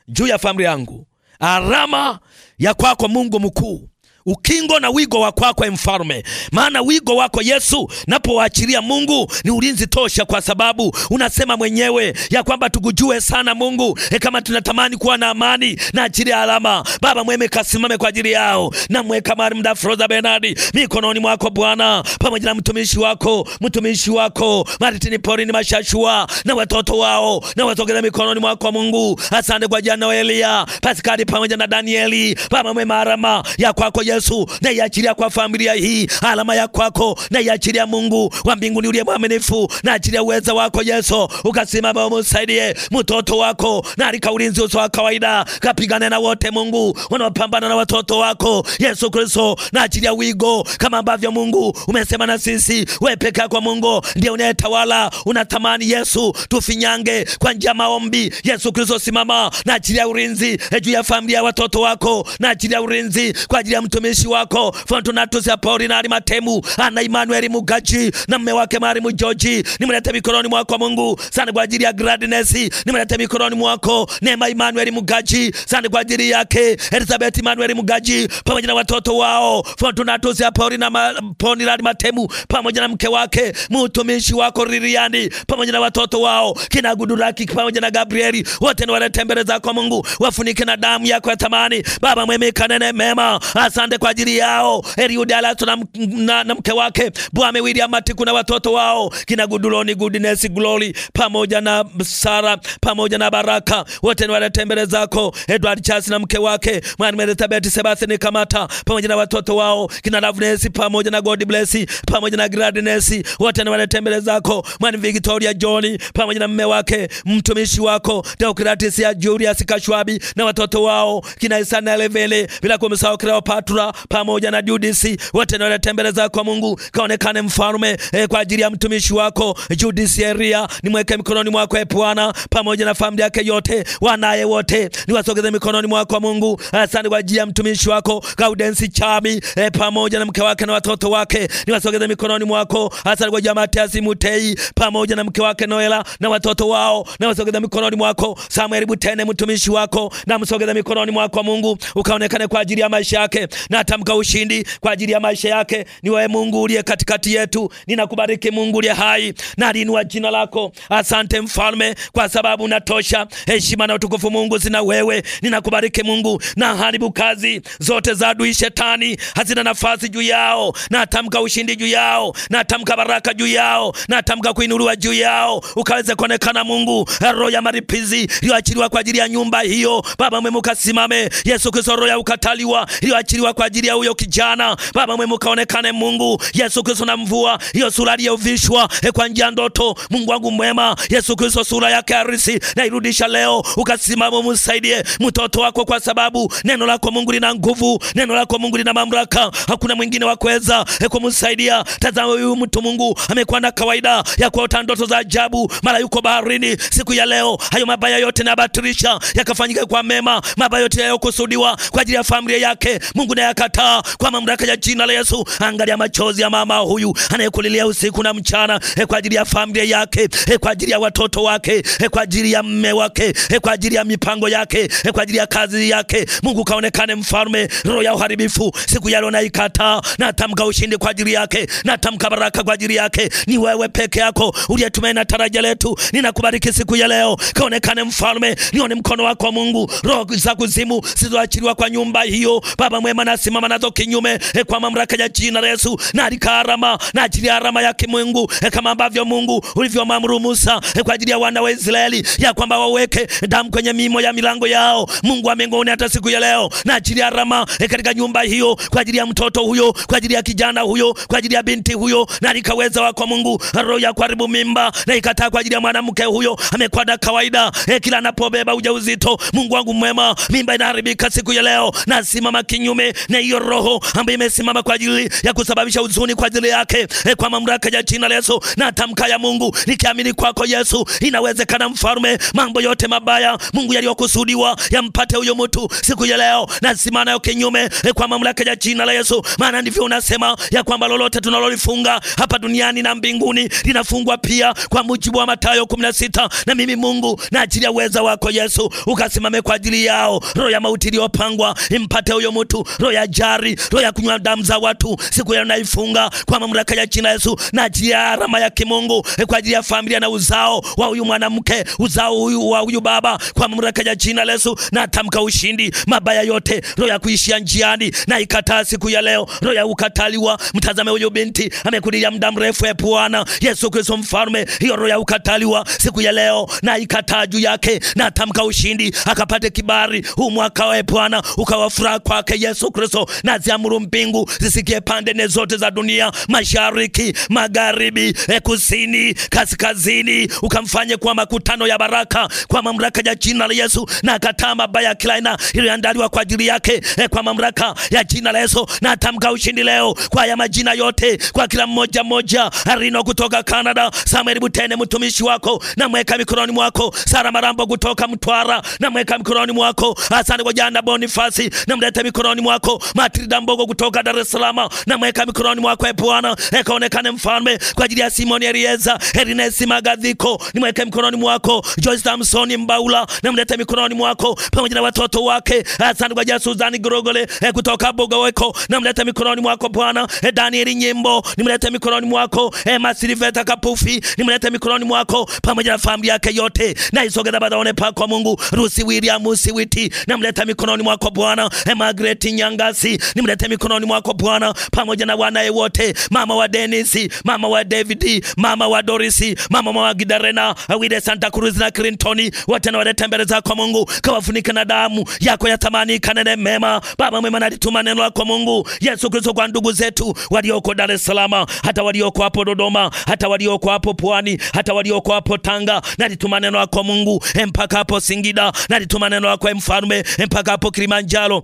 juu ya famri yangu, arama ya kwako Mungu mkuu, ukingo na wigo wa kwako eh, mfalme, maana wigo wako Yesu napowaachilia Mungu ni ulinzi tosha, kwa sababu unasema mwenyewe ya kwamba tukujue sana Mungu. E, kama tunatamani kuwa na amani na ajili ya alama, Baba mweme kasimame kwa ajili yao, na mweka mari mda Froza Benadi mikononi mwako Bwana, pamoja na mtumishi wako mtumishi wako Martini Porini Mashashua na watoto wao, na watokeza mikononi mwako Mungu. Asante kwa jana wa Elia Paskari pamoja na Danieli, Baba mwema arama ya kwako Yesu Yesu, naiachilia kwa familia hii alama ya kwako, naiachilia Mungu wa mbinguni uliye mwaminifu, naachilia uweza wako Yesu, ukasimama umsaidie mtoto wako na alika ulinzi usio wa kawaida, kapigane na wote Mungu wanaopambana na watoto wako Yesu Kristo, naachilia wigo kama ambavyo Mungu umesema na sisi, wewe peke kwa Mungu ndiye unayetawala. Unatamani Yesu tufinyange kwa njia maombi. Yesu Kristo, simama, naachilia ulinzi eh, juu ya familia ya watoto wako, naachilia ulinzi kwa ajili ya mtu mtumishi wako Fortunatus Apolinari Matemu ana Emmanuel Mugaji na mme wake Mari Mujoji, nimlete mikononi mwako Mungu. Sana kwa ajili ya Gladness, nimlete mikononi mwako Neema Emmanuel Mugaji. sana kwa ajili yake Elizabeth Emmanuel Mugaji pamoja na watoto wao Fortunatus Apolinari Matemu pamoja na mke wake mtumishi wako Liliani pamoja na watoto wao kina Guduraki pamoja na Gabrieli, wote ni wale tembeleza kwa Mungu, wafunike na damu yako ya thamani. Baba mwema, kanene mema, asante Asante kwa ajili yao. Eliud Alato na, na, na mke wake Bwame William Matiku na watoto wao kina Guduloni, Goodness, Glory pamoja na Sara pamoja na Baraka wote ni walete zako. Edward Charles na mke wake Mwalimu Elizabeth Sebastian Kamata pamoja na watoto wao kina Loveness pamoja na God bless pamoja na Gladness wote ni walete zako. Mwalimu Victoria John pamoja na mme wake mtumishi wako Deogratis ya Julius Kashwabi na watoto wao kina Isana Levele bila kumsahau Cleopatra Ezra pamoja na Judisi wote ndio wanatembeleza kwa Mungu. Kaonekane mfalme eh, kwa ajili ya mtumishi wako Judisi Eria, nimweke mikononi mwako e Bwana, pamoja na familia yake yote, wanaye wote niwasogeze mikononi mwako eh, Mungu. Asante kwa ajili ya mtumishi wako Gaudensi Chami eh, pamoja na mke wake na watoto wake, niwasogeze mikononi mwako. Asante kwa ajili ya Matiasi Mutei pamoja na mke wake Noela na watoto wao, niwasogeze mikononi mwako. Samuel Butene mtumishi wako, namsogeze mikononi mwako Mungu, ukaonekane kwa ajili ya maisha yake na atamka ushindi kwa ajili ya maisha yake. Ni wewe Mungu uliye katikati yetu, ninakubariki Mungu uliye hai na linua jina lako. Asante mfalme, kwa sababu natosha. Heshima na utukufu Mungu zina wewe. Ninakubariki Mungu, na haribu kazi zote za adui shetani, hazina nafasi juu yao. Na atamka ushindi juu yao, na atamka baraka juu yao, na atamka kuinuliwa juu yao, ukaweze kuonekana Mungu. Roho ya maripizi iliyoachiliwa kwa ajili ya nyumba hiyo, Baba mwema, ukasimame. Yesu Kristo, roho ya ukataliwa iliyoachiliwa kwa ajili ya huyo kijana. Baba mwema, ukaonekane Mungu. Yesu Kristo, na mvua hiyo sura aliyovishwa e, kwa njia ndoto. Mungu wangu mwema, Yesu Kristo, sura yake harisi na irudisha leo, ukasimama msaidie mtoto wako, kwa sababu neno lako Mungu lina nguvu, neno lako Mungu lina mamlaka, hakuna mwingine wa kuweza e, kumsaidia. Tazama huyu mtu Mungu amekuwa na kawaida ya kuota ndoto za ajabu, mara yuko baharini. Siku ya leo hayo mabaya yote na batilisha, yakafanyika kwa mema, mabaya yote yayokusudiwa kwa ajili ya familia yake Mungu na anayakataa kwa mamlaka ya jina la Yesu. Angalia machozi ya mama huyu anayekulilia usiku na mchana e, kwa ajili ya familia yake e, kwa ajili ya watoto wake e, kwa ajili ya mme wake e, kwa ajili ya mipango yake e, kwa ajili ya kazi yake. Mungu kaonekane, mfalme. Roho ya uharibifu siku ya leo naikataa, tamka ushindi kwa ajili yake, na tamka baraka kwa ajili yake. Ni wewe peke yako uliyetumaini na taraja letu, ninakubariki siku ya leo. Kaonekane mfalme, nione mkono wako Mungu. Roho za kuzimu zilizoachiliwa kwa nyumba hiyo, Baba mwema na simama nazo kinyume e, kwa mamlaka ya jina la Yesu, na alikarama na ajili ya arama yake Mungu, e, kama ambavyo Mungu ulivyomwamuru Musa e, kwa ajili ya wana wa Israeli ya kwamba waweke damu kwenye mimo ya milango yao. Mungu amengone hata siku ya leo na ajili ya arama e, katika nyumba hiyo, kwa ajili ya mtoto huyo, kwa ajili ya kijana huyo, kwa ajili ya binti huyo, na alikaweza wako Mungu, roho ya kuharibu mimba na ikataa kwa ajili ya mwanamke huyo, amekuwa na kawaida e, kila anapobeba ujauzito. Mungu wangu mwema, mimba inaharibika siku ya leo, na simama kinyume na hiyo roho ambayo imesimama kwa ajili ya kusababisha huzuni kwa ajili yake e, kwa mamlaka ya jina la Yesu na tamka ya Mungu nikiamini kwako Yesu, inawezekana mfalme, mambo yote mabaya Mungu yaliyokusudiwa yampate huyo mtu siku ya leo, na simama nayo kinyume e, kwa mamlaka ya jina la Yesu, maana ndivyo unasema ya kwamba lolote tunalolifunga hapa duniani na mbinguni linafungwa pia, kwa mujibu wa Mathayo 16. Na mimi Mungu, na ajili ya uweza wako Yesu, ukasimame kwa ajili yao, roho ya mauti iliyopangwa impate huyo mtu roho roho ya jari, roho ya kunywa damu za watu, siku ya naifunga kwa mamlaka ya jina Yesu, na jia rama ya kimungu e, kwa ajili ya familia na uzao wa huyu mwanamke, uzao huyu wa huyu baba, kwa mamlaka ya jina Yesu, na tamka ushindi mabaya yote, roho ya kuishia njiani na ikataa siku ya leo, roho ya ukataliwa. Mtazame huyu binti amekulia muda mrefu, e Bwana Yesu Kristo mfalme, hiyo roho ya ukataliwa siku ya leo na ikataa juu yake, na tamka ushindi akapate kibali huu mwaka, e Bwana ukawa furaha kwake Yesu Kristo na ziamuru mbingu zisikie pande ne zote za dunia, mashariki, magharibi, e kusini, kaskazini, ukamfanye kwa makutano ya baraka kwa mamlaka ya jina la Yesu, na akataa mabaya ya kila aina iliyoandaliwa kwa ajili yake e, kwa mamlaka ya jina la Yesu, na atamka ushindi leo kwa haya majina yote kwa kila mmoja mmoja. Arino kutoka Canada, Samuel Butene mtumishi wako na mweka mikononi mwako. Sara Marambo kutoka Mtwara na mweka mikononi mwako. Asante kwa jana Bonifasi na mlete mikononi mwako yako. Matrida Mbogo kutoka Dar es Salaam, na mweka mikononi mwako e Bwana, ekaonekane mfalme. Kwa ajili ya Simoni Elieza, Ernest Magadhiko, nimweke mikononi mwako. Joyce Samson Mbaula, namlete mikononi mwako pamoja na watoto wake. Asante kwa ajili ya Suzani Grogole e kutoka Boga Bogoweko, namlete mikononi mwako Bwana. E Daniel Nyimbo, nimlete mikononi mwako. E Masilveta Kapufi, nimlete mikononi mwako pamoja na familia yake yote. Na isogeza badaone pako Mungu. Rusi William Musiwiti, namleta mikononi mwako Bwana. E Margaret Nyanga nasi, nimlete mikononi mwako Bwana, pamoja na wanaye wote, mama wa Denisi, mama wa David, mama wa Dorisi, mama wa Gidarena, Awide Santa Cruz na Clintoni, wote nawaleta mbele zako Mungu, kawafunike na damu yako ya thamani, kanene mema. Baba mwema, nalituma neno lako Mungu Yesu Kristo kwa ndugu zetu walioko Dar es Salaam, hata walioko hapo Dodoma, hata walioko hapo Pwani, hata walioko hapo Tanga, nalituma neno lako Mungu mpaka hapo Singida, nalituma neno lako mfalme mpaka hapo Kilimanjaro.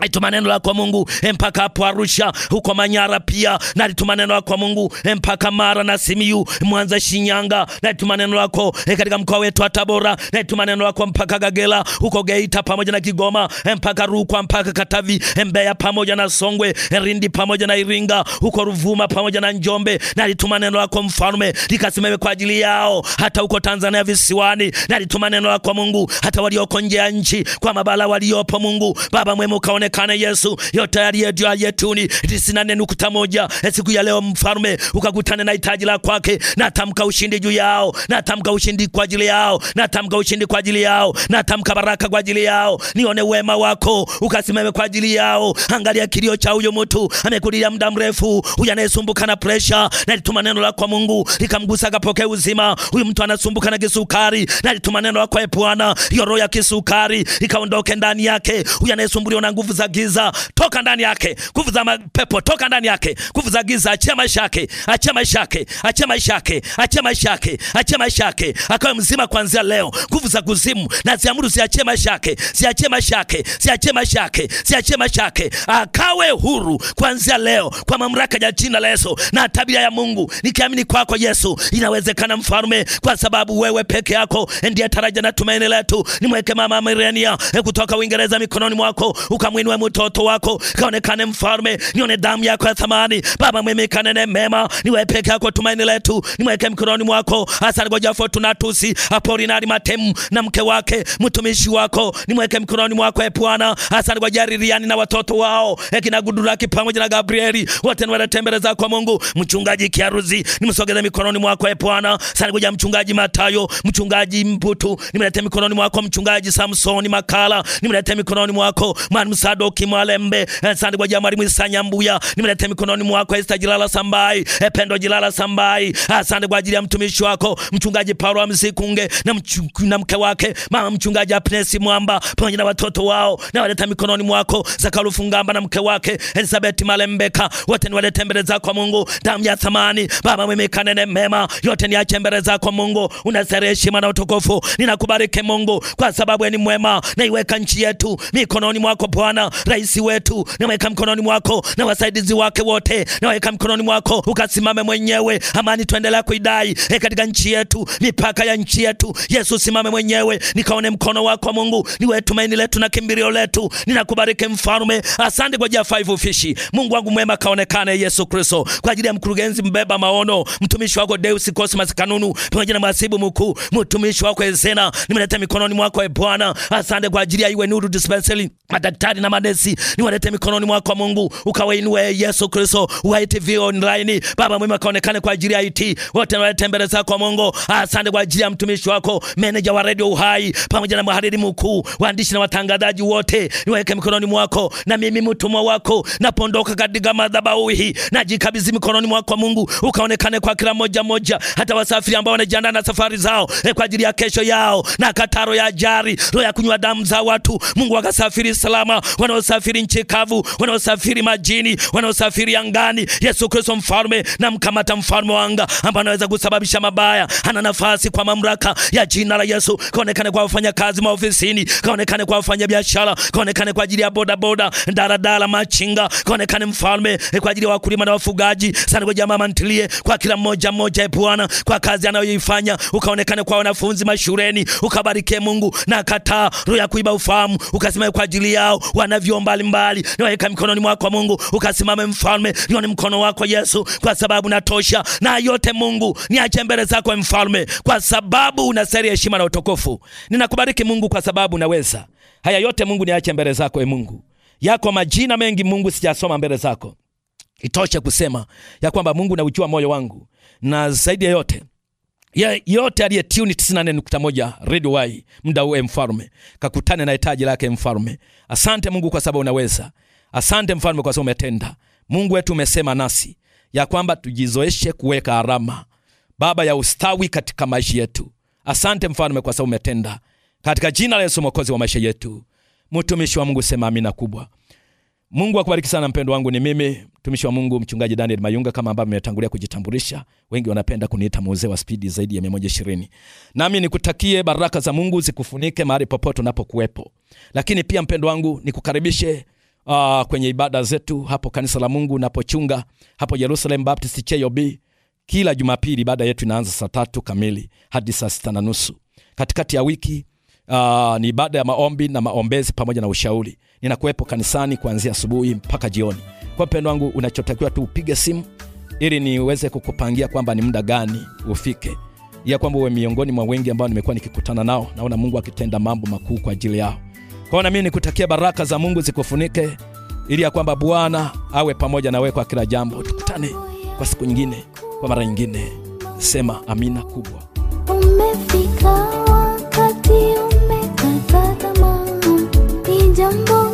Alituma neno la kwa Mungu eh, mpaka hapo Arusha, huko Manyara pia, na alituma neno la kwa Mungu eh, mpaka Mara na Simiyu, Mwanza, Shinyanga, na alituma neno lako eh, katika mkoa wetu wa Tabora, na alituma neno lako mpaka Kagera, huko Geita pamoja na Kigoma, mpaka Rukwa, mpaka Katavi, Mbeya pamoja na Songwe, Rindi pamoja na Iringa, huko Ruvuma pamoja na Njombe, na alituma neno lako mfalme likasimame kwa ajili yao, hata huko Tanzania visiwani, na alituma neno la kwa Mungu hata walioko nje ya nchi, kwa mabala waliopo, Mungu Baba mwema ukaone aonekane Yesu. Yote yaliyo yetuni tisini na nne nukta moja e, siku ya leo, mfalme ukakutane na hitaji la kwake. na tamka ushindi juu yao, na tamka ushindi kwa ajili yao, na tamka ushindi kwa ajili yao, na tamka baraka kwa ajili yao. Nione wema wako ukasimame kwa ajili yao. Angalia kilio cha huyo mtu amekulia muda mrefu, huyu anayesumbuka na pressure na nalituma neno la kwa Mungu likamgusa akapokea uzima. Huyu mtu anasumbuka na kisukari, na nalituma neno la kwa ee Bwana, hiyo roho ya kisukari ikaondoke ndani yake. Huyu anayesumbuliwa na nguvu za giza toka ndani yake, nguvu za mapepo toka ndani yake, nguvu za giza achia maisha yake, achia maisha yake, achia maisha yake, achia maisha yake, achia maisha yake, akawe mzima kuanzia leo. Nguvu za kuzimu na ziamuru ziachie maisha yake, ziachie maisha yake, ziachie maisha yake, ziachie maisha yake, akawe huru kuanzia leo kwa mamlaka ya jina la Yesu na tabia ya Mungu. Nikiamini kwako kwa Yesu, inawezekana mfalme, kwa sababu wewe peke yako ndiye taraja na tumaini letu. Nimweke mama Mariania eh, kutoka Uingereza mikononi mwako ukamwini uinue mtoto wako kaonekane mfalme, nione damu yako ya thamani. Baba mwema, kanene mema, niwe peke yako tumaini letu, niweke mkononi mwako. Hasa Asante kwa Fortunatusi Apolinari Matemu na mke wake mtumishi wako, niweke mkononi mwako e Bwana. Hasa ngoja Riliani na watoto wao ekina Guduraki pamoja na Gabrieli, wote ni niwalete mbele kwa Mungu. Mchungaji Kiaruzi nimsogeze mikononi mwako e Bwana. Asante ngoja mchungaji Matayo, mchungaji Mputu nimlete mikononi mwako, mchungaji Samsoni Makala nimlete mikononi mwako, mwana Sadoki Mwalembe, eh, Sandibwa Jamari Mwisanyambuya, nimlete mikononi mwako eh, Esta Jilala Sambai, eh, Pendo Jilala Sambai. Asante ah, kwa ajili ya mtumishi wako mchungaji Paulo Amsikunge na, mchungu, na mke wake mama mchungaji Agnes Mwamba pamoja na watoto wao, na waleta mikononi mwako Zakalu Fungamba na mke wake Elizabeth Malembeka, wote ni walete mbele zako Mungu, damu ya thamani Baba mwema, kanene mema, yote niache mbele zako Mungu, unastahili heshima na utukufu. Ninakubariki Mungu kwa sababu ni mwema, na iweka nchi yetu mikononi mwako Bwana Rais wetu naweka mkononi mwako na wasaidizi wake wote naweka mkononi mwako, ukasimame mwenyewe. Amani tuendelea kuidai e katika nchi yetu, mipaka ya nchi yetu. Yesu, simame mwenyewe, nikaone mkono wako Mungu. ni wetu, tumaini letu na kimbilio letu, ninakubariki Mfalme. Asante kwa ajili ya five fish, Mungu wangu mwema, kaonekane Yesu Kristo, kwa ajili ya mkurugenzi mbeba maono, mtumishi wako Deus Cosmas Kanunu, pamoja na mhasibu mkuu mtumishi wako Ezena, nimeleta mikononi mwako e Bwana. Asante kwa ajili ya iwe nuru dispensary, madaktari na Manesi, niwalete mikononi mwako Mungu, ukawainue Yesu Kristo, waite vio online Baba mwema, kaonekane kwa ajili ya IT wote niwalete mbele zako Mungu. Asante kwa ajili ya mtumishi wako meneja wa redio Uhai pamoja na mhariri mkuu, waandishi na watangazaji wote, niwaweke mikononi mwako, na mimi mtumwa wako napondoka katika madhabahu hii, najikabidhi mikononi mwako Mungu, ukaonekane kwa kila moja moja, hata wasafiri ambao wanajiandaa na safari zao e, kwa ajili ya kesho yao, na kataro ya ajali, roho ya kunywa damu za watu, Mungu akasafiri salama wa wanaosafiri nchi kavu, wanaosafiri majini, wanaosafiri angani. Yesu Kristo mfalme na mkamata mfalme wa anga ambaye anaweza kusababisha mabaya, ana nafasi kwa mamlaka ya jina la Yesu. Kaonekane kwa wafanya kazi maofisini, kaonekane kwa wafanya biashara, kaonekane kwa ajili ya bodaboda, daladala, machinga, kaonekane mfalme eh, kwa ajili ya wakulima na wafugaji. Sana kwa jamaa mantilie, kwa kila mmoja mmoja, e Bwana, kwa kazi anayoifanya, ukaonekane kwa wanafunzi mashuleni, ukabarikie Mungu na kataa roho ya kuiba ufahamu, ukasimame kwa ajili yao wana na vyombo mbalimbali, naweka mikononi mwako Mungu, ukasimame mfalme, nione mkono wako Yesu, kwa sababu natosha na yote. Mungu niache mbele zako mfalme, kwa sababu unastahili heshima na utukufu. Ninakubariki Mungu kwa sababu naweza haya yote. Mungu niache mbele zako, e Mungu, yako majina mengi Mungu, sijasoma mbele zako. Itoshe kusema ya kwamba Mungu, naujua moyo wangu na zaidi ya yote ya yote aliye tuni 94.1 Radio Y, muda huu e mfalme, kakutane na hitaji lake e mfalme. Asante Mungu kwa sababu unaweza. Asante mfalme kwa sababu umetenda. Mungu wetu umesema nasi ya kwamba tujizoeshe kuweka alama Baba ya ustawi katika maisha yetu. Asante mfalme kwa sababu umetenda, katika jina la Yesu mwokozi wa maisha yetu. Mtumishi wa Mungu sema amina kubwa. Mungu akubariki sana mpendo wangu, ni mimi mtumishi wa Mungu mchungaji Daniel Mayunga. Kama ambavyo metangulia kujitambulisha, wengi wanapenda kuniita mzee wa spidi zaidi ya 120. Nami nikutakie baraka za Mungu zikufunike mahali popote unapokuwepo, lakini pia mpendo wangu nikukaribishe uh, kwenye ibada zetu hapo kanisa la Mungu napochunga hapo Jerusalem Baptist CHOB. Kila Jumapili ibada yetu inaanza saa tatu kamili hadi saa sita na nusu. Katikati ya wiki uh, ni ibada ya maombi na maombezi pamoja na ushauri ninakuwepo kanisani kuanzia asubuhi mpaka jioni. Kwa mpendo wangu, unachotakiwa tu upige simu ili niweze kukupangia kwamba ni muda gani ufike, ya kwamba uwe miongoni mwa wengi ambao nimekuwa nikikutana nao. Naona Mungu akitenda mambo makuu kwa ajili yao. Kwa nami nikutakia baraka za Mungu zikufunike, ili ya kwamba Bwana awe pamoja nawe kwa kila jambo. Tukutane kwa siku nyingine, kwa mara nyingine. Sema amina kubwa. Umefika wakati umekata tamaa, ni jambo